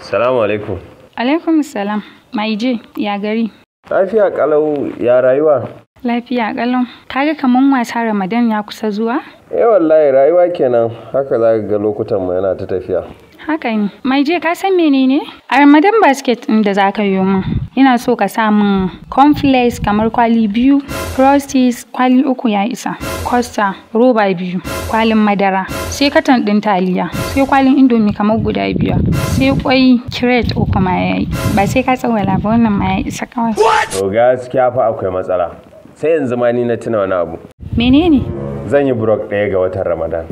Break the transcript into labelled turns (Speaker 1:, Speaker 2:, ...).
Speaker 1: Salamu alaikum.
Speaker 2: Alaikum salam. Mai je, ya gari.
Speaker 1: Lafiya kalau ya rayuwa.
Speaker 2: Lafiya ƙalau. Kaga kaman wasa Ramadan ya kusa zuwa?
Speaker 1: Eh wallahi rayuwa kenan. Haka za ga lokutan mu yana ta tafiya.
Speaker 2: Haka ne. Mai je ka san menene? A Ramadan basket ɗin da za ka yi min. Ina so ka sa min cornflakes kamar kwali biyu, frosties kwali uku ya isa, costa roba biyu, kwalin madara, sai katon ɗin taliya, sai kwalin indomi kamar guda biyu, sai kwai crate uku ma yayi. Ba sai ka tsawala ba wannan ma ya isa kawai.
Speaker 3: To gaskiya fa akwai matsala. sai yanzu ma ni na tuna wani abu menene zan yi burok ɗaya ga watan ramadan